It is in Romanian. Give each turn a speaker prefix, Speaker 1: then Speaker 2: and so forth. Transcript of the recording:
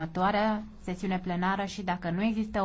Speaker 1: următoarea sesiune plenară și dacă nu există